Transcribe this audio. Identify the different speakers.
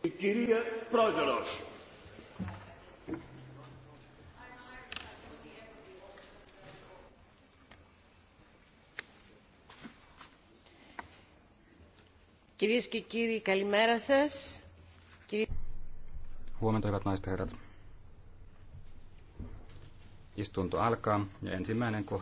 Speaker 1: Κυρία Πρόεδρος.
Speaker 2: Κυρίες και κύριοι, καλημέρα σας.
Speaker 3: Huomenta, hyvät naiset ja herrat.
Speaker 4: Istunto alkaa ja ensimmäinen kohta.